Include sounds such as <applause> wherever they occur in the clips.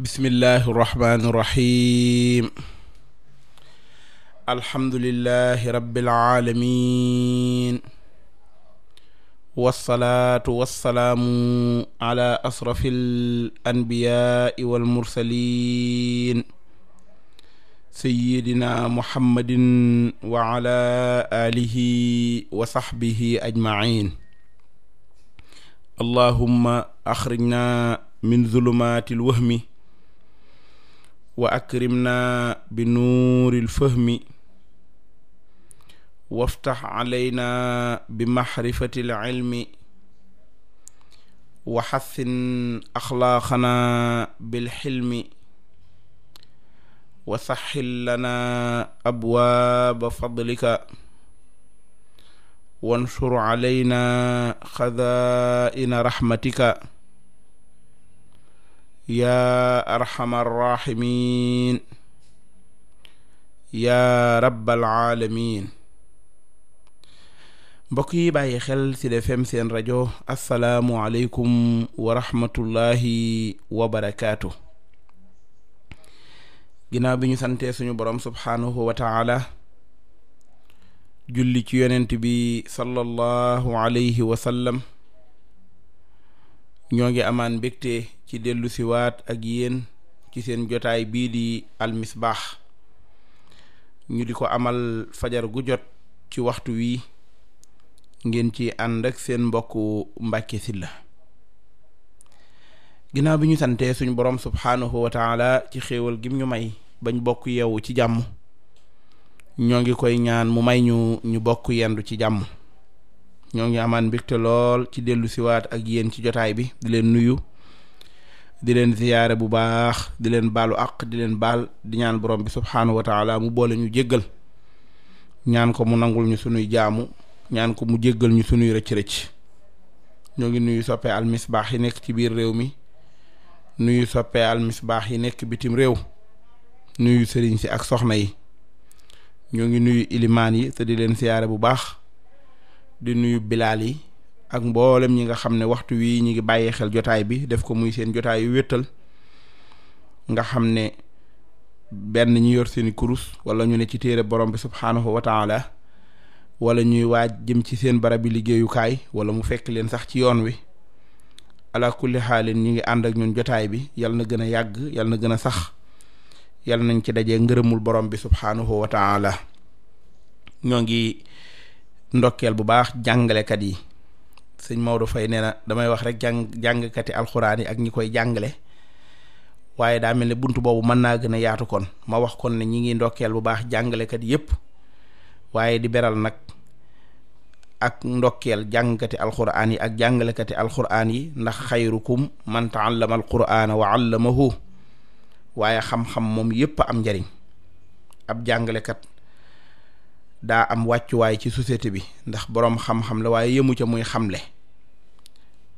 bismillahi rahmaani rahiim alhamdulillahi rabbil aalamiin wassalaatu wassalaamu ala asrafil anbiyaai wal mursaliin sayyidina muhammadin wa ala aalihi wa saxbihi ajmaciin allahumma axrijna min zulumaati lwahmi wa akrimna bi nuuril fahmi waftax alayna bi maxrifatil ilmi wa xassin axlaaqana bil xilmi wa saxxil lana abwaaba fadlika wansur alayna xazaa'ina raxmatika yaa arhamar raahimiin yaa rabbal aalamiin mbokk yi bàyyi xel ci Sud seen rajo asalaamualeykum wa rahmatullahi wa barakaatu. ginnaaw bi ñu santee suñu borom subhaanahu wa taala julli ci yonent bi sallallahu alayhi wa sallam ñoo ngi amaan mbégte. ci dellu siwaat ak yéen ci seen jotaay bii di almisbaax ñu di ko amal fajar gu jot ci waxtu wi ngeen ci ànd ak seen mbokku Mbàkke Sylla ginnaaw bi ñu santee suñ borom subhaanahu wa taala ci xéewal gim ñu may bañ bokk yeewu ci jàmm ñoo ngi koy ñaan mu may ñu bokk yendu ci jàmm ñoo ngi amaan mbégte lool ci dellu siwaat ak yéen ci jotaay bi di leen nuyu di leen ziyaare bu baax di leen baalu àq di leen baal di ñaan borom bi subhaanahu wa taala mu boole ñu jéggal ñaan ko mu nangul ñu sunuy jaamu ñaan ko mu jéggal ñu sunuy rëcc-rëcc ñoo ngi nuyu soppee Al Misbah yi nekk ci biir réew mi nuyu soppe Al Misbah yi nekk bitim réew nuyu sëriñ si ak soxna yi ñoo ngi nuyu ilimaan yi te di leen ziyaare bu baax di nuyu bilaal yi ak mboolem ñi nga xam ne waxtu wii ñi ngi bàyyi xel jotaay bi def ko muy seen jotaay yu wéttal nga xam ne benn ñu yor seeni kurus wala ñu ne ci téere borom bi subhaanahu wa taala wala ñuy waaj jëm ci seen barabi liggéeyukaay wala mu fekk leen sax ci yoon wi ala kulli xaalin ñi ngi ànd ak ñun jotaay bi yal na gën a yàgg yal na gën a sax yal nañ ci dajee ngërëmul borom bi subhaanahu wa taala ñoo ngi ndokkeel bu baax jàngalekat yi sëñ Maodo Faye nee na damay wax rek jàng jàngkati alxuraan yi ak ñi koy jàngale waaye daa mel ni bunt boobu mën naa gën a yaatu kon ma wax kon ne ñi ngi ndokkeel bu baax jàngalekat yépp waaye di beral nag ak ndokkeel jàngkati alxuraan yi ak jàngalekati alxuraan yi ndax xayrukum man taallama alquraana wa allamahu waaye xam-xam moom yépp am njariñ ab jàngalekat daa am wàccuwaay ci société bi ndax boroom xam-xam la waaye yëmu ca muy xamle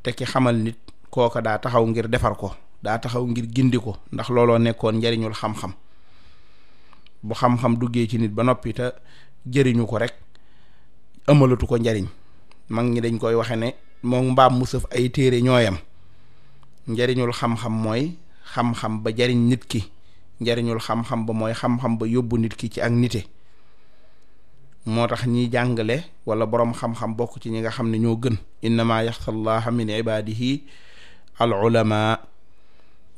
te ki xamal nit kooka daa taxaw ngir defar ko daa taxaw ngir gindi ko ndax looloo nekkoon njariñul xam-xam bu xam duggee ci nit ba noppi jëriñu ko rek amalatu ko njariñ mag ñi dañ koy waxe ne moom mbaam mu sëf ay téere ñooyam njariñul xam mooy xam-xam ba jariñ nit ki njariñul xam-xam ba mooy xam-xam ba yóbbu nit ki ci ak nite moo tax ñiy jàngale wala boroom xam-xam bokk ci ñi nga xam ne ñoo gën innama yaxsa llaha min ibadihi al ulama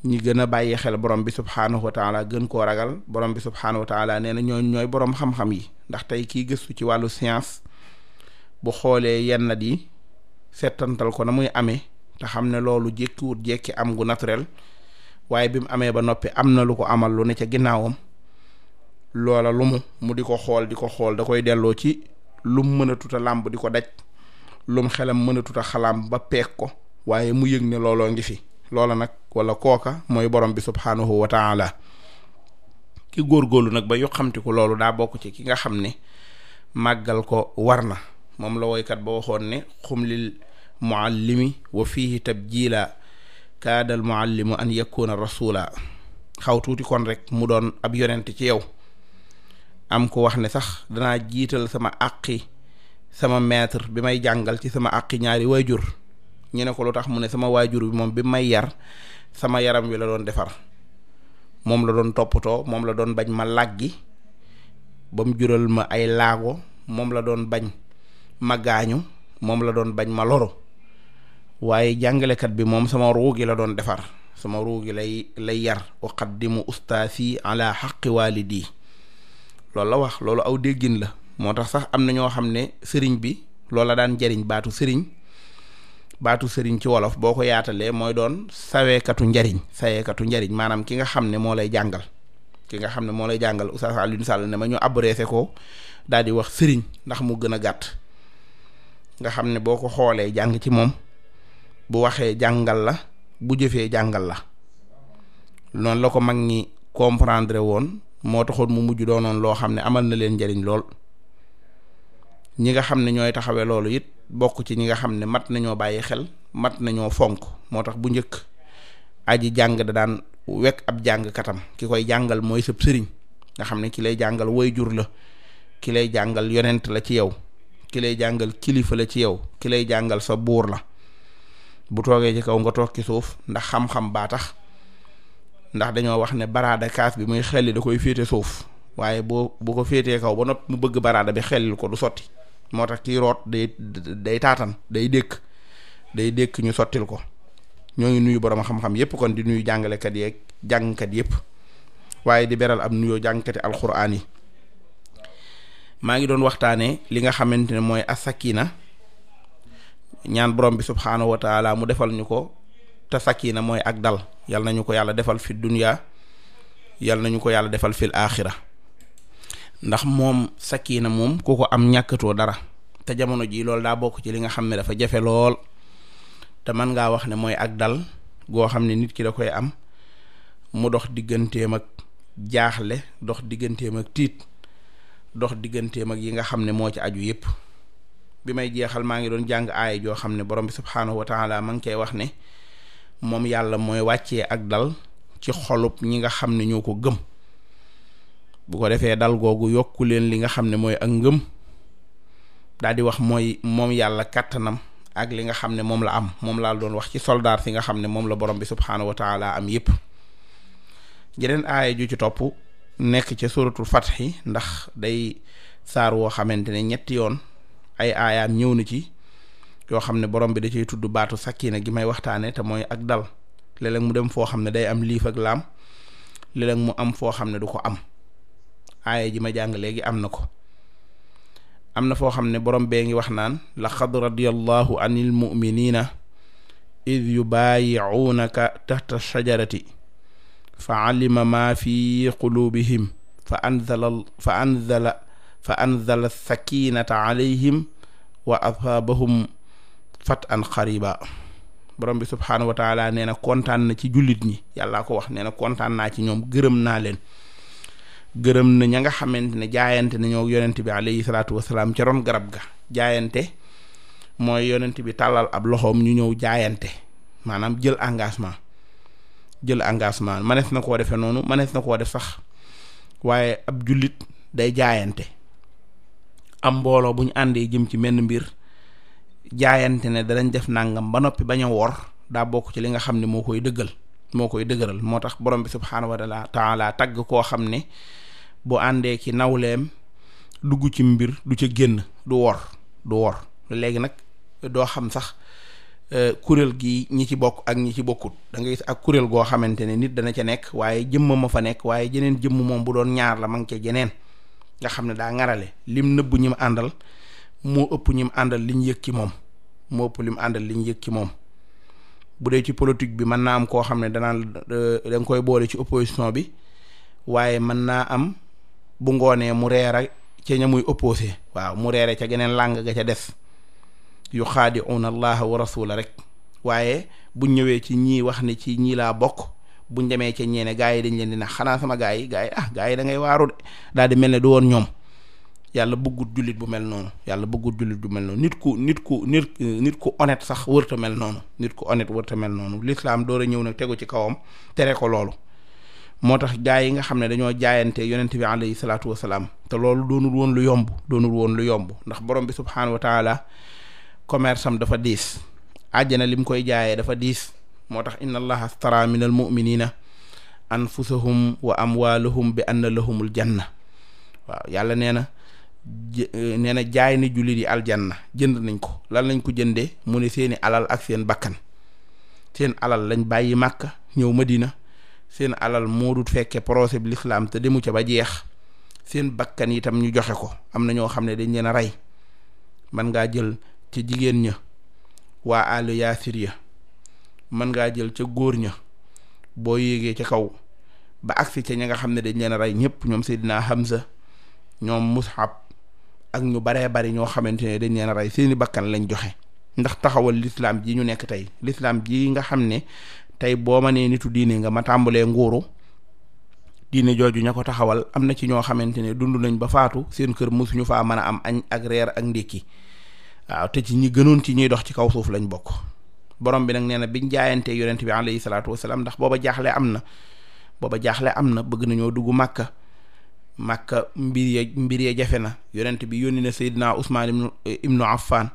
ñi gën a bàyyi xel borom bi subhaanahu wa taala gën koo ragal borom bi subhaanahu wa taala nee na ñooñ ñooy borom xam-xam yi ndax tey kii gëstu ci wàllu science bu xoolee yenn yi setantal ko na muy amee te xam ne loolu jékkiwut jékki am gu naturel waaye bi mu amee ba noppi am na lu ko amal lu ne ca ginnaawam loola lu mu mu di ko xool di ko xool da koy delloo ci lum mën a tuta làmb di ko daj lum xelam mënatuta a xalaam ba peeg ko waaye mu yëg ne looloo ngi fi loola nag wala kooka mooy borom bi subhaanahu wa taala ki góorlu nag ba yu xamtiku loolu daa bokk ci ki nga xam ne màggal ko war na moom la woykat ba waxoon ne xumlil muallimi wa fihi tabjila kaadal muallimu an yakuna rasula xaw tuuti kon rek mu doon ab yonent ci yow am ko wax ne sax danaa jiital sama àqi sama maître bi may jàngal ci sama àqi ñaari waajur ñu ne ko lu tax mu ne sama waajur bi moom bi may yar sama yaram wi la doon defar moom la doon toppatoo moom la doon bañ ma làggi ba jural ma ay laago moom la doon bañ ma gaañu moom la doon bañ ma loru waaye jàngalekat bi moom sama ruugi la doon defar sama ruugi lay lay yar wa mu ustaasi ala xaqi waalidi loolu la wax loolu aw déggin la moo tax sax am na ñoo xam ne sëriñ bi loolu la daan jariñ baatu sëriñ baatu sëriñ ci wolof boo ko yaatalee mooy doon saweekatu njariñ saweekatu njariñ maanaam ki nga xam ne moo lay jàngal ki nga xam ne moo lay jàngal Oustaz Alioune Sall ne ma ñu abreese ko daal di wax sëriñ ndax mu gën a gàtt nga xam ne boo ko xoolee jàng ci moom bu waxee jàngal la bu jëfee jàngal la noonu la ko mag ñi comprendre woon moo taxoon mu mujj doonoon loo xam ne amal na leen njariñ lool ñi nga xam ne ñooy taxawe loolu it bokk ci ñi nga xam ne mat nañoo bàyyi xel mat nañoo fonk moo tax bu njëkk aji jàng da daan wekk ab jàng katam ki koy jàngal mooy sëb sëriñ nga xam ne ki lay jàngal woy jur la ki lay jàngal yonent la ci yow ki lay jàngal kilifa la ci yow ki lay jàngal sa buur la bu toogee ci kaw nga toog ci suuf ndax xam-xam baa tax ndax dañoo wax ne baraada kaas bi muy xelli da koy féete suuf waaye boo bu ko féetee kaw ba noppi mu bëgg baraada bi xellil ko du sotti moo tax kii root day day taatan day dékk day dékk ñu sottil ko ñoo ngi nuyu borom xam-xam yépp kon di nuyu jàngalekat yeeg jàngkat yépp waaye di beral am nuyoo jàngkati alxuraan yi maa ngi doon waxtaanee li nga xamante ne mooy na ñaan borom bi subxanahu wa taala mu defal ñu ko. te sakina mooy ak dal yal nañu ko yàlla defal fi dunya yal nañu ko yàlla defal fil aaxira ndax moom sakina moom ku ko am ñàkkatoo dara te jamono jii loolu daa bokk ci li nga xam ne dafa jafe lool te mën ngaa wax ne mooy ak dal goo xam ne nit ki da koy am mu dox digganteem ak jaaxle dox digganteem ak tiit dox digganteem ak yi nga xam ne moo ci aju yépp bi may jeexal maa ngi doon jàng aaya joo xam ne borom bi subhaanahu wa taala ma ngi koy wax ne moom yàlla mooy wàccee ak dal ci xolub ñi nga xam ne ñoo ko gëm bu ko defee dal googu yokku leen li nga xam ne mooy ak ngëm daal di wax mooy moom yàlla kàttanam ak li nga xam ne moom la am moom laa doon wax ci soldaar si nga xam ne moom la borom bi subhaanahu wa taala am yépp jeneen aaya ju ci topp nekk ca suratul fatxi ndax day saar woo xamante ne ñetti yoon ay aayaam ñëw na ci yoo xam ne borom bi da cay tudd baatu sakkiina gi may waxtaane te mooy ak dal léeg mu dem foo xam ne day am liif ak laam mu am foo xam ne du ko am aaya ji ma jàng léegi am na ko am na foo xam ne borom bee ngi wax naan laqad radiyallahu anil muminina id yubaayicuunaka taxta shajarati fa alima maa fi quluubihim fa anzala fa anzala fa anzala sakinata alayhim wa asaabahum fat an xariba borom bi subhaanahu wa taala nee na kontaan na ci jullit ñi yàllaa ko wax nee na kontaan naa ci ñoom gërëm naa leen gërëm na ña nga xamante ne jaayante nañoo yonent bi alayhi salaatu wasalaam ca ron garab ga jaayante mooy yonent bi tàllal ab loxoom ñu ñëw jaayante maanaam jël engagement jël engagement manees na koo defe noonu manees na koo def sax waaye ab jullit day jaayante am mbooloo bu ñu àndee jëm ci menn mbir jaayante ne danañ def nangam ba noppi bañ a wor daa bokk ci li nga xam ne moo koy dëggal moo koy dëgëral moo tax borom bi subhaanahu wa taala tagg koo xam ne bu àndee ki nawleem dugg ci mbir du ca génn du wor du wor léegi nag doo xam sax e, kuréel gi ñi ci bokk ak ñi ci bokkut da nga gis ak kuréel goo xamante ne nit dana ca nekk waaye jëmm ma fa nekk waaye jeneen jëmm moom bu doon ñaar la ma ngi ca jeneen nga xam ne daa ngarale lim nëbb ñi ma àndal moo ëpp mu àndal liñ yëg ci moom moo ëpp mu àndal liñ yëg ci moom bu dee ci politique bi mën naa am koo xam ne danaa euh, da koy boole ci opposition bi waaye mën naa am bu ngoonee mu reere ca ña muy opposé waaw mu reere ca geneen làng ga ca des yu xaadiuuna allaha wa rasula rek waaye buñ ñëwee ci ñii wax ne ci ñii laa bokk buñ demee ca ñeene gaa yi dañ leen di nax xanaa sama gaa yi gaa yi ah gaa yi da ngay waaru de daal di mel ne du woon ñoom yàlla bëggut jullit bu mel noonu yàlla bëggut jullit bu mel noonu nit ku nit ku nit nit ku honnête sax wërta mel noonu nit ku honnête wërta mel noonu l'islam door a ñëw nag tegu ci kawam tere ko loolu moo tax gaa yi nga xam ne dañoo jaayante yonent bi alayhi salaatu wasalaam te loolu doonul woon lu yomb doonul woon lu yomb ndax borom bi subhaanahu wa taala commerce am dafa diis àjjana lim koy jaayee dafa diis moo tax inna allaha stara min al muminina anfusahum wa amwaalahum bi anna lahumul janna waaw Euh, nee na jaay na jullit yi na jënd nañ ko lan lañ ko jëndee mu ne seeni alal ak seen bakkan seen alal lañ bàyyi màkka ñëw ma dina seen alal moo dut fekke procès bi lislaam te demu ca ba jeex seen bakkan itam ñu joxe ko am na ñoo xam ne dañ leen a rey man ngaa jël ca jigéen ña waa àll yaasir ya man ngaa jël ca góor ña boo yéegee ca kaw ba agsi ca ña nga xam ne dañ leen a rey ñëpp ñoom Seydina Hamza ñoom Mus'ab ak ñu baree bari ñoo xamante ne dañ leen a rey seeni bakkan lañ joxe ndax taxawal lislaam ji ñu nekk tey lislaam ji nga xam ne tey boo ma nee nitu diine nga ma tàmbalee nguuru diine jooju ña ko taxawal am na ci ñoo xamante ne dund nañ ba faatu seen kër mosuñu faa mën a am añ ak reer ak ndékki waaw te ci ñi gënoon ci ñuy dox ci kaw suuf lañ bokk borom bi nag nee na biñ jaayantee yonent bi alayhi salaatu wasalaam ndax booba jaaxle am na booba jaaxle am na bëgg nañoo dugg màkka màkka mbir ya mbir ya jafe na yonent bi yónni na Seydina Ousmane ibnu ibnu Affan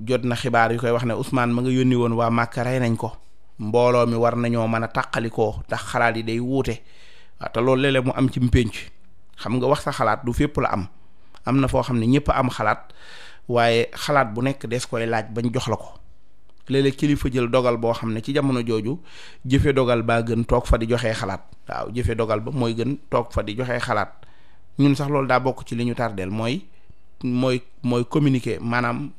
jot na xibaar yu koy wax ne Ousmane ma nga yónni woon waa màkka rey nañ ko mbooloo mi war nañoo mën a tàqalikoo ndax xalaat yi day wuute waaw te loolu léeg mu am ci mpénc xam nga wax sa xalaat du fépp la am am na foo xam ne ñëpp am xalaat waaye xalaat bu nekk des koy laaj bañ jox la ko léeg-léeg kilifa jël dogal boo xam ne ci jamono jooju jëfe dogal baa gën toog fa di joxe xalaat waaw jëfe dogal ba mooy gën toog fa di joxe xalaat ñun sax loolu daa bokk ci li ñu tardeel mooy mooy mooy communiquer maanaam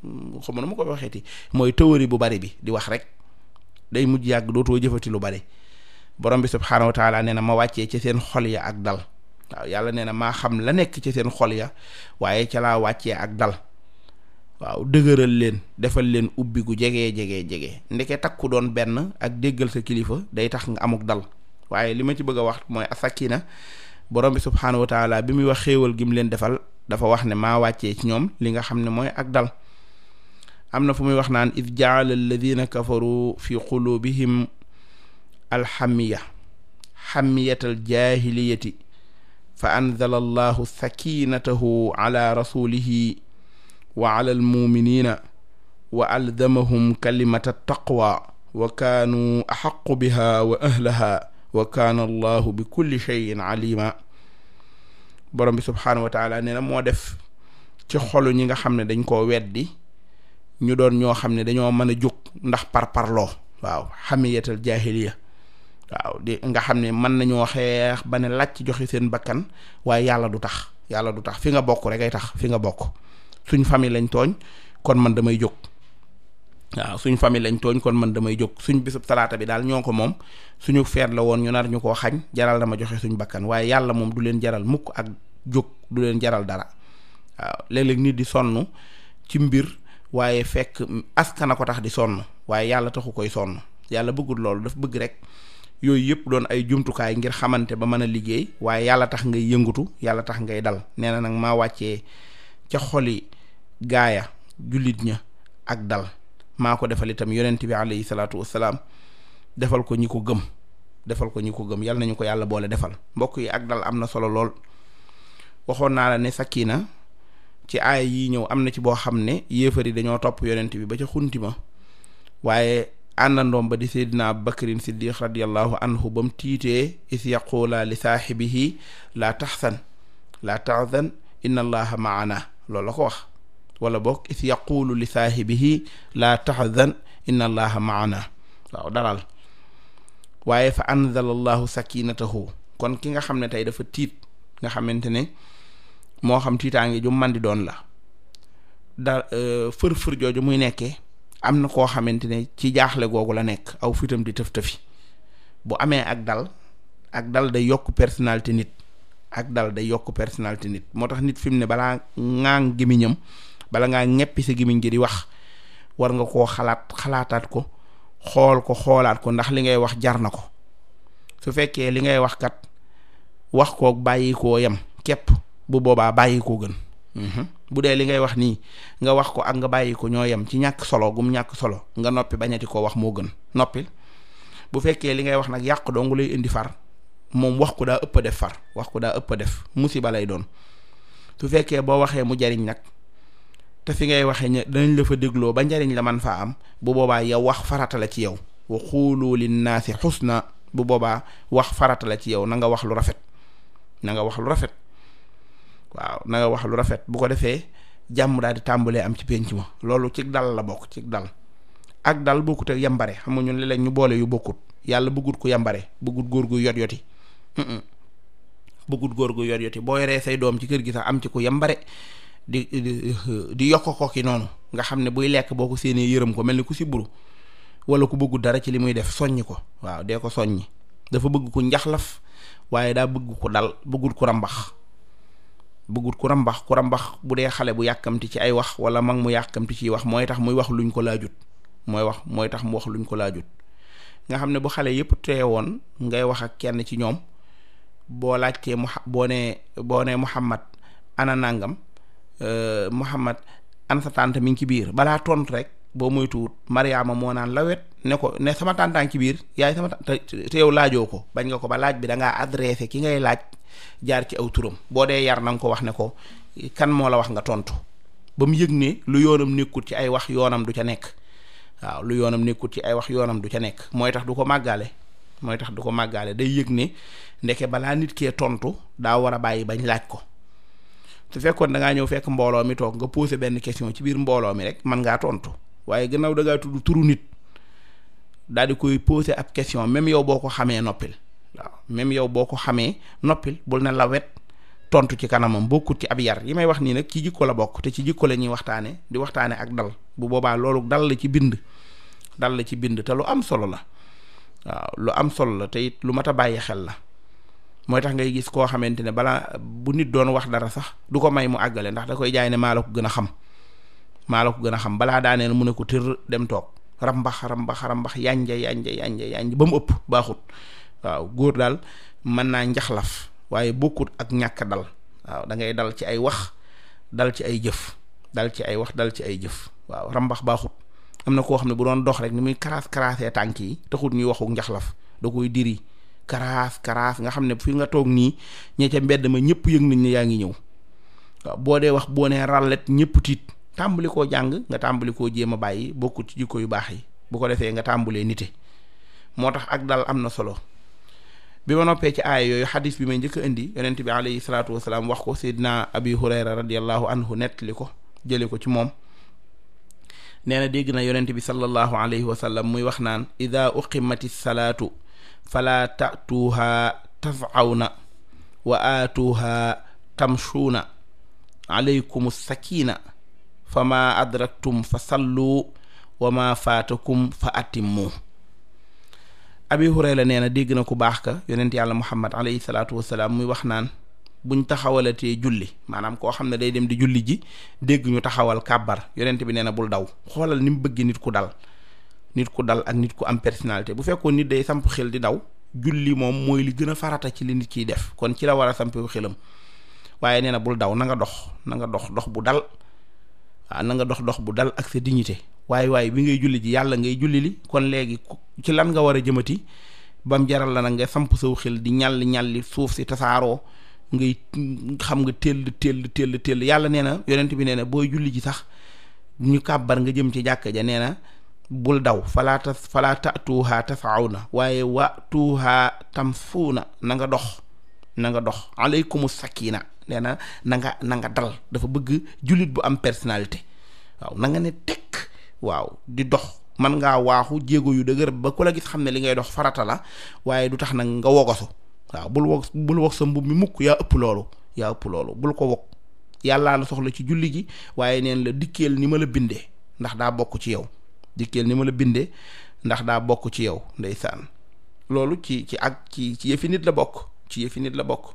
xam na ma ko waxeeti mooy théorie bu bari bi di wax rek day mujj yàgg dootoo jëfati lu bari borom bi subhaanahu wa nee na ma wàccee ci seen xol ya ak dal waaw yàlla nee na maa xam la nekk ci seen xol ya waaye ca laa wàccee ak dal waaw dëgëral leen defal leen ubbi gu jege jege jege ndeke takku doon benn ak déggal sa kilifa day tax nga amuk dal waaye li ma ci bëgg a wax mooy asakina boroom bi subhaanahu wa bi muy wax xéewal gi mu leen defal dafa wax ne maa wàccee ci ñoom li nga xam ne mooy ak dal am na fu muy wax naan id jaala alladina kafaru fi qulubihim alxamiya xamiyatal jaahiliyati fa anzala allahu sakinatahu ala rasulihi wa ala almuminina wa aldamahum kalimata taqwa wa kaanu axaqu biha wa bi kulli cheyin alima borom bi subhaanahu wa nee na moo def ci xolu ñi nga xam ne dañ koo weddi ñu doon ñoo xam ne dañoo mën a jóg ndax parparloo waaw xamiyatal jaahiliya waaw di nga xam ne mën nañoo xeex ba ne làcc joxe seen bakkan waaye yàlla du tax yàlla du tax fi nga bokk rek ay tax fi nga bokk suñ famille lañ tooñ kon man damay jóg waaw suñ famille lañ tooñ kon man damay jóg suñ bisub salaata bi daal ñoo ko moom suñu feet la woon ñu nar ñu koo xañ jaral dama joxe suñ bakkan waaye yàlla moom du leen jaral mukk ak jóg du leen jaral dara waaw léeg-léeg nit di sonn ci mbir waaye fekk askana ko tax di sonn waaye yàlla taxu koy sonn yàlla bëggul loolu daf bëgg rek yooyu yëpp doon ay jumtukaay ngir xamante ba mën a liggéey waaye yàlla tax ngay yëngutu yàlla tax ngay dal nee na nag ca xoli gaaya jullit ña ak dal maa ko defal itam yonent bi alayhi salaatu wasalaam defal ko ñi ko gëm defal ko ñi ko gëm yal nañu ko yàlla boole defal mbokk yi ak dal am na solo lool waxoon naa la ne sakkiina ci aaya yi ñëw am na ci boo xam ne yéefar dañoo topp yonent bi ba ca xunti ma waaye àndandoom ba di seydina abu bakrin siddiq radiallahu anhu ba mu tiitee is yaquulaa li laa taxsan laa taxsan inna allaha loolu la ko wax wala boog is yaqulu li saahibihi laa tahzan inna allaha maana waaw dalal waaye fa anzala allahu kon ki nga xam ne tey dafa tiit nga xamante ne moo xam tiitaange ju man di doon la da euh, fër-fër jooju muy nekkee am na koo xamante ne ci jaaxle googu la nekk aw fitam di tëf-tëfi bu amee ak dal ak dal day yokk personnalité nit ak dal day yokk personnalité nit moo tax nit fi mu ne balaa ŋaang gémmiñam bala ngaa ñeppi sa gémmiñ gi di wax war nga koo xalaat xalaataat ko xool ko xoolaat ko ndax li ngay wax jar na ko su fekkee li ngay wax kat wax kook bàyyi koo yem képp bu boobaa bàyyi koo gën mhm. bu dee li ngay wax nii nga wax ko ak nga bàyyi ko ñoo yem ci ñàkk solo gum ñàkk solo nga noppi bañati koo wax moo gën noppi bu fekkee li ngay wax nag yàq dong lay indi far moom wax ko daa ëpp def far wax ko daa ëpp a def musiba lay doon su fekkee boo waxee mu jariñ nag te fi ngay waxee ñu danañ la fa dégloo ba njariñ la man faa am bu boobaa yow wax farata la ci yow wa xuulu linnaasi na bu boobaa wax farata la ci yow na nga wax lu rafet na nga wax lu rafet waaw na nga wax lu rafet bu ko defee jàmm daal di tàmbalee am ci pénc ma loolu ci dal la bokk ci dal ak dal bokkut ak yambare xam nga ñun léeg ñu boole yu bokkut yàlla bëggut ko yambare bëggut góor gu yot yoti bëggut góor gu yor yoti boo yoree say doom ci kër gi sax am ci ku yambare di di yokk ko ki noonu nga xam ne buy lekk boo ko séenee yërëm ko mel ni ku si buru wala ku bëggu dara ci li muy def soññ ko waaw dee ko soññi dafa bëgg ku njaxlaf waaye daa bëgg ko dal bëggut ku rambax bëggut ku rambax ku rambax bu dee xale bu yàkkamti ci ay wax wala mag mu yàkkamti ciy wax mooy tax muy wax luñ ko laa laajut mooy wax mooy tax mu wax luñ ko laa laajut nga xam ne bu xale yépp teewoon ngay wax ak kenn ci ñoom boo laaj laajtee mu boo nee boo nee Muhammad ana nangam euh, Muhammad an sa tante mi ngi ci biir balaa tontu rek boo moytuwut Mariama moo naan lawet ne ko ne sama tàntaan ci biir yaay sama te yow laajoo ko bañ nga ko ba laaj bi da ngaa adressé ki ngay laaj jaar ci aw turam boo dee yar na ko wax ne ko kan moo la wax nga tontu ba mu yëg ne lu yoonam nekkut ci ay wax yoonam du ca nekk waaw lu yoonam nekkut ci ay wax yoonam du ca nekk mooy tax du ko màggaale mooy tax du ko màggaale day ndeke balaa nit kee tontu daa war a bàyyi bañ laaj ko su fekkoon da ngaa ñëw fekk mbooloo mi toog nga posé benn question ci biir mbooloo mi rek mën ngaa tontu waaye gannaaw da ngaa tudd turu nit daal di koy posé ab question même yow boo ko xamee noppil waaw même yow boo ko xamee noppil bul ne la wet tontu ci kanamam bokkut ci ab yar yi may wax nii nag ci jikko la bokk te ci jikko la ñuy waxtaane di waxtaane ak dal bu boobaa loolu dal la ci bind dal la ci bind te lu am solo la waaw lu am solo la te lu mat a bàyyi xel la mooy tax ngay gis koo xamante ne balaa bu nit doon wax dara sax du ko may mu àggale ndax da koy jaay ne maa la ko gën a xam maa la ko gën a xam balaa daaneel mu ne ko tër dem toog rambax rambax rambax yanja yanja yanja yanja ba mu ëpp baaxut waaw góor daal mën naa njaxlaf waaye bokkut ak ñàkk dal waaw da dal ci ay wax dal ci ay jëf dal ci ay wax dal ci ay jëf waaw rambax baaxut am na koo xam ne bu doon dox rek ni muy karaas karaasee tànk yi taxut ñuy waxu njaxlaf da karaaf karaaf nga xam ne fi nga toog nii ñe ca mbedd ma ñëpp yëg nañ ne yaa ngi ñëw boo dee wax boo nee ràllet ñëpp tiit tàmbali koo jàng nga tàmbali koo jéem a bàyyi bokkut ci jikko yu baax yi bu ko defee nga tàmbalee nite moo tax ak dal am na solo bi ma noppee ci aaya yooyu xadis bi may njëkk a indi yonent bi alayhi salaatu wasalaam wax ko seydina abi hurayra radiallahu anhu nettali ko jële ko ci moom nee na dégg na yonent bi sallallahu alayhi wa sallam wax naan ida uqimati salaatu falaa taatuuhaa tafawna wa aatuuhaa tamshuuna alaykum sakina fa maa adraktum fa sallu wa maa faatakum fa atimmu abi hurayra nee na dégg na ku baax ka yonent yàlla muhammad alayhi salaatu wasalaam muy wax naan buñ taxawalatee julli maanaam koo xam ne day dem di julli ji dégg ñu taxawal kàbbar yonent bi nee na bul daw xoolal ni mu bëgg nit ku dal nit ku dal ak nit ku am personnalité bu fekkoon nit day samp xel di daw julli moom mooy li gën a farata ci li nit kiy def kon ci la war a sampewu xelam waaye nee na bul daw nanga dox na nga dox dox bu dal waaw na nga dox dox bu dal ak sa dignité waaye waaye bi ngay julli ji yàlla ngay julli li kon léegi ci lan nga war a jëmati bam jaral la nag nga samp saw xel di ñàll ñali suuf si tasaaroo ngay xam nga tell tell tell tell yàlla nee na yonent bi nee na booy julli ji sax ñu kàbbar nga jëm ci jàkka ja nee na bul daw falaata falaata falaa tatuuhaa na waaye wa tuuhaa tamfuuna na nga dox na nga dox aleykumu sakina nee na na nga na dal dafa bëgg jullit bu am personnalité waaw na nga ne tekk waaw di dox man ngaa waaxu jéego yu dëgër ba ku la gis xam ne li ngay dox farata la waaye du tax nag nga wogosu waaw bul wog bul wog sa mbub mi mukk yaa ëpp loolu yaa ëpp loolu bul ko wog yàllaa na soxla ci julli gi waaye neen la dikkeel ni ma la bindee ndax daa bokk ci yow dikkeel ni ma la bindee ndax daa bokk ci yow ndeysaan loolu ci ci ak ci ci yëfi nit la bokk ci yëfi nit la bokk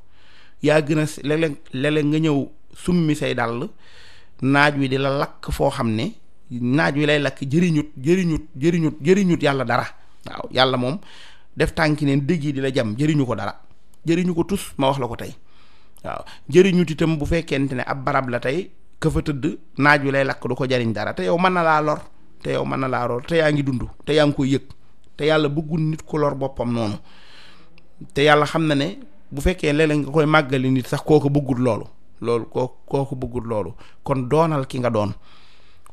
yaa gën a léeg-léeg léeg nga ñëw summi say dàll naaj wi di la lakk foo xam ne naaj wi lay lakk jëriñut jëriñut jëriñut jëriñut yàlla dara yàlla moom def tànki neen dëgg yi jam jëriñu ko dara jëriñu ko tus ma wax la ko tey waaw jëriñut itam bu fekkent ne ab barab la tey ka fa tëdd naaj wi lay lakk du ko jariñ dara te yow mën na laa lor te yow man na laa lor te yaa ngi dund te yaa ngi koy yëg te yàlla bëggul nit ku loor boppam noonu te yàlla xam na ne bu fekkee léeg nga koy màggali nit sax kooku bëggul loolu loolu koo kooku bëggul loolu kon doonal ki nga doon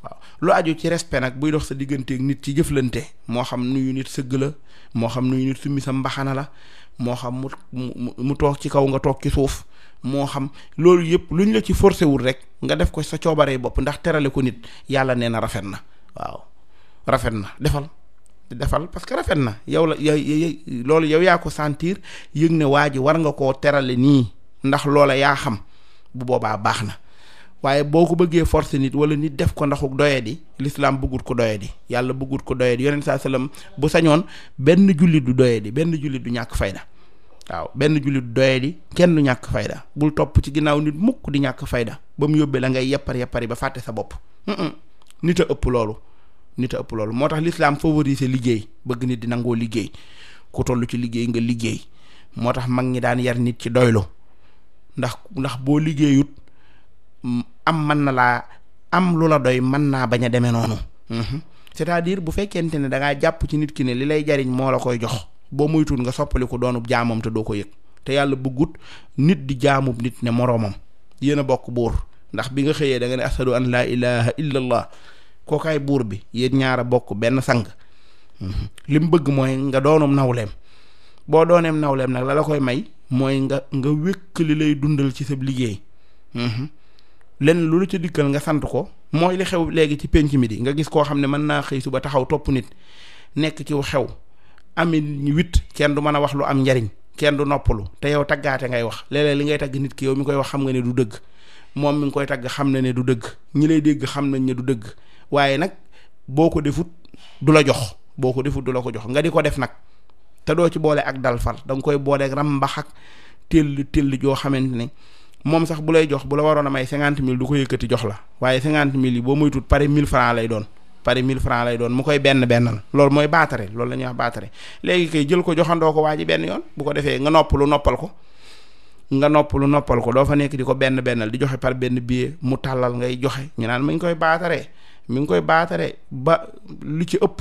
waaw lu aju ci respe nag buy dox sa digganteeg nit ci jëflante moo xam nuyu nit sëgg la moo xam nuyu nit summi sa mbaxana la moo xam mu mu mu toog ci kaw nga toog ci suuf moo xam loolu yëpp ñu la ci forcé wul rek nga def ko sa coobaree bopp ndax terale ko nit yàlla nee na rafet na waaw rafet na defal defal parce que rafet na yow la yow loolu yow yaa ko sentir yëg ne waa ji war nga koo terale nii ndax loola yaa xam bu boobaa baax na waaye boo ko bëggee forcer nit wala nit def ko ndaxu doyadi lislaam bëggut ko doyadi yàlla bëggut ko doyadi yonent saa sallam bu sañoon benn jullit du doyadi benn jullit du ñàkk fayda waaw benn jullit doyadi kenn du ñàkk fayda bul topp ci ginnaaw nit mukk di ñàkk fayda ba mu yóbbee la ngay yappar yappari ba fàtte sa bopp nit a ëpp loolu nit a ëpp loolu moo tax l'islam favoriser liggéey bëgg nit di nangoo liggéey ku toll ci liggéey nga liggéey moo tax mag ñi daan yar nit ci doylu ndax ndax boo liggéeyut am man na laa am lu la doy mën naa bañ a demee noonu mhm. c'est-à-dire bu fekkente ne da jàpp ci nit ki ne li lay jariñ moo la koy jox boo moytuwul nga soppali ko doonub jaamam te doo ko yëg te yàlla bëggut nit di jaamub nit ne moroomam yéen a bokk buur ndax bi nga xëyee da nga ne ashadu an laa ilaha illa allah kookaay buur bi yéen ñaara bokk benn sang li mu bëgg mooy nga doonum nawleem boo dooneem nawleem nag la la koy may mooy nga nga wékk li lay dundal ci sa liggéey mhm. lenn lu la ca dikkal nga sant ko mooy li xew léegi ci penc mi di nga gis koo xam ne mën naa xëy suba taxaw topp nit nekk ci xew ami wit kenn du mën a wax lu am njariñ kenn du noppalu te yow taggaate ngay wax léeg li ngay tagg nit ki yow mi koy wax xam nga ne du dëgg moom mi ngi koy tagg xam na ne du dëgg ñi lay dégg xam nañ ne du dëgg waaye nag boo ko defut du la jox boo ko defut du la ko jox nga di ko def nag te doo ci boole ak dal far da nga koy boole ak rambax ak téll téll joo xamante ne moom sax bu lay jox bu la waroon a may cinquante mille du ko yëkkati jox la waaye cinquante mille yi boo moytuwul pare mille francs lay doon pare mille francs lay doon mu koy benn bennal loolu mooy baatare loolu la ñuy wax baatare léegi kay jël ko joxandoo ko waa benn yoon bu ko defee nga nopp ko nga noppalu noppal ko doo fa nekk di ko benn bennal di joxe par benn billet mu tàllal ngay joxe ñu naan mi ngi koy baataree mi ngi koy baataree ba lu ci ëpp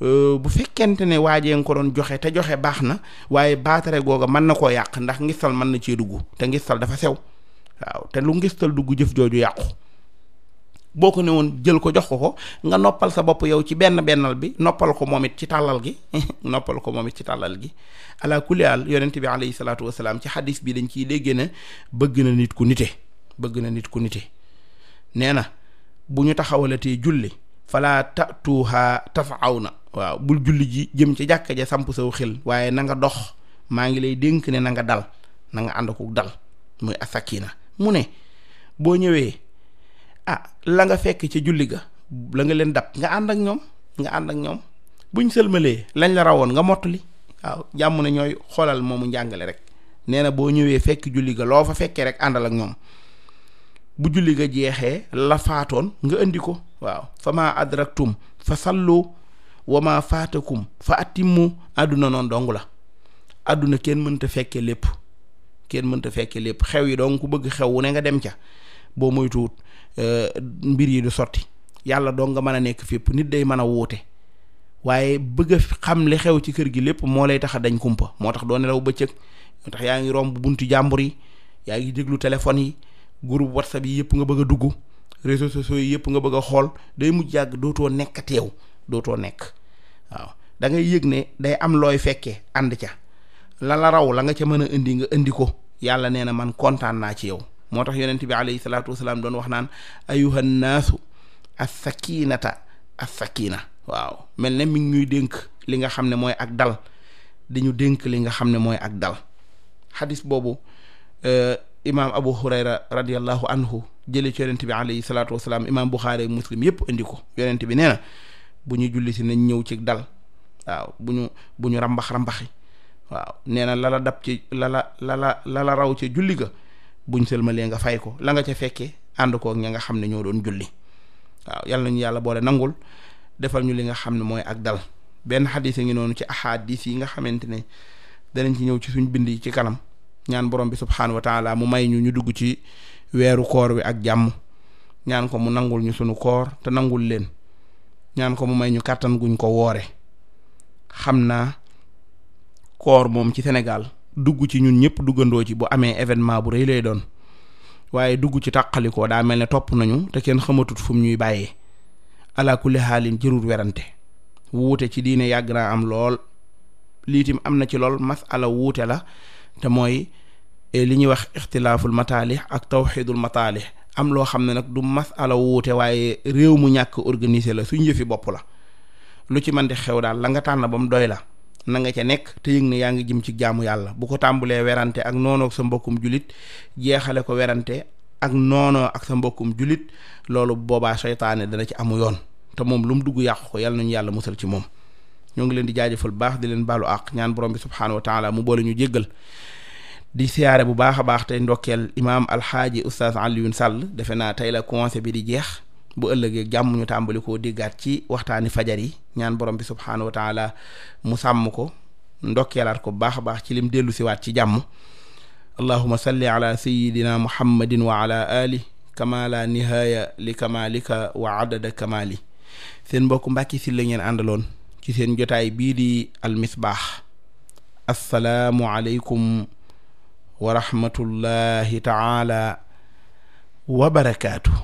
euh, bu fekkente ne waajee nga ko doon joxe te joxe baax na waaye baatare googa mën na koo yàq ndax ngistal mën na cee dugg te ngistal dafa sew waaw te lu ngistal dugg jëf jooju yàqu boo ko ne woon jël ko jox ko ko nga noppal sa bopp yow ci benn bennal bi noppal ko moom it ci tàllal gi <laughs> noppal ko moom it ci tàllal gi ala kulli haal yonent bi alayhi salaatu wasalaam ci xadis bi dañ ciy dégg bëgg na nit ku nite bëgg na nit ku nite nee na bu ñu taxawalatee julli fala tatuha tafaw na waaw bul julli ji jëm ci jàkka ja samp saw xel waaye nanga dox maa ngi lay dénk ne nanga dal na nga ànd ko dal muy asakina mu ne boo ñëwee ah la nga fekk ci julli ga la nga leen dab nga ànd ak ñoom nga ànd ak ñoom buñ sëlmalee lañ la rawoon nga mottali waaw jàmm ne ñooy xoolal moomu njàngale rek nee na boo ñëwee fekk julli ga loo fa fekkee rek àndal ak ñoom bu julli ga jeexee la faatoon nga indi ko waaw fa maa adraktum fa sallu wa maa faatakum fa atimmu àdduna noon dong la àdduna kenn mënta fekkee lépp kenn mënta fekkee lépp xew yi donc ku bëgg xew wu ne nga dem ca boo moytuwut Euh, mbir yi du sotti yàlla doo nga mën a nekk fépp nit day mën a wuute waaye bëgg xam li xew ci kër gi lépp moo lay tax a dañ kumpa moo tax doo nelaw bëccëg moo tax yaa ngi romb buntu jàmbur yi yaa ngi déglu téléphone yi groupe whatsapp yi yëpp nga bëgg a dugg réseaux sociaux yi yëpp nga bëgg a xool day mujj jàgg dootoo nekkati teew dootoo nekk waaw da ngay yëg ne day am looy fekke ànd ca la la raw la nga ca mën a indi nga indi ko yàlla nee na man kontaan naa ci yow moo tax yonent bi alayhi salaatu wasalaam doon wax naan ayuhan naasu assakinata assakina waaw mel ne mi ngi ñuy dénk li nga xam ne mooy ak dal dañu dénk li nga xam ne mooy ak dal xadis boobu eh, imaam abu hurayra radiallahu anhu jële ci yonent bi alayhi salaatu wasalaam imaam buxaari muslim yépp indi ko bi nee bu ñu julli nañ ñëw ci dal rambax-rambaxi waaw nee na lala dab ci lala lala lala raw ci julli ga buñ sëlmalee nga fay ko la nga ca fekkee ànd ko ak ña nga xam ne ñoo doon julli waaw na ñu yàlla boole nangul defal ñu li nga xam ne mooy ak dal benn xadis ngi noonu ci ahadis yi nga xamante ne danañ ci ñëw ci suñ bind yi ci kanam ñaan borom bi subxanahu wa taala mu may ñu ñu dugg ci weeru koor wi ak jàmm ñaan ko mu nangul ñu sunu koor te nangul leen ñaan ko mu may ñu kàttan guñ ko woore xam naa koor moom ci Sénégal dugg ci ñun ñëpp duggandoo ci bu amee événement bu rëy lay doon waaye dugg ci tàqalikoo daa mel ne topp nañu te kenn xamatut fu ñuy bàyyee ala kulli xaalin jërul werante wuute ci diine yàgg naa am lool lii liitim am na ci lool masala wuute la te mooy eh, li ñuy wax ixtilaaful mataalix ak tawxidul mataalix am loo xam ne nag du masala wuute waaye réew mu ñàkk organiser la suñ jëfi bopp la lu ci mën di xew daal la nga tànn ba mu doy la na nga ca nekk te yëg ne yaa ngi jëm ci jaamu yàlla bu ko tàmbulee werante ak noonoo ak sa mbokkum julit jeexale ko werante ak noonoo ak sa mbokkum julit loolu boobaa seytaane dana ci amu yoon te moom lu mu dugg yàqu ko yàlla nañu yàlla musal ci moom ñoo ngi leen di jaajëfal baax di leen baalu ak ñaan borom bi subhaanahu wa taala mu boole ñu jéggal di siyaare bu baax a baax tey ndokkeel imaam alxaaji oustaz Alioune sàll defe naa tey la conseil bi di jeex bu ëllëgee jàmm ñu tàmbali koo déggaat ci waxtaani fajar yi ñaan borom bi subhaanahu wa mu sàmm ko ndokkeelaat ko baax a baax ci lim dellu siwaat ci jàmm allahuma salli ala sayidina muhammadin wa ala ali kama nihaaya li kamalika wa adada kamali seen mbokk Mbàkke Sylla ngeen àndaloon ci seen jotaay bii di Al Misbah assalaamu aleykum wa rahmatullahi taala wa barakaatu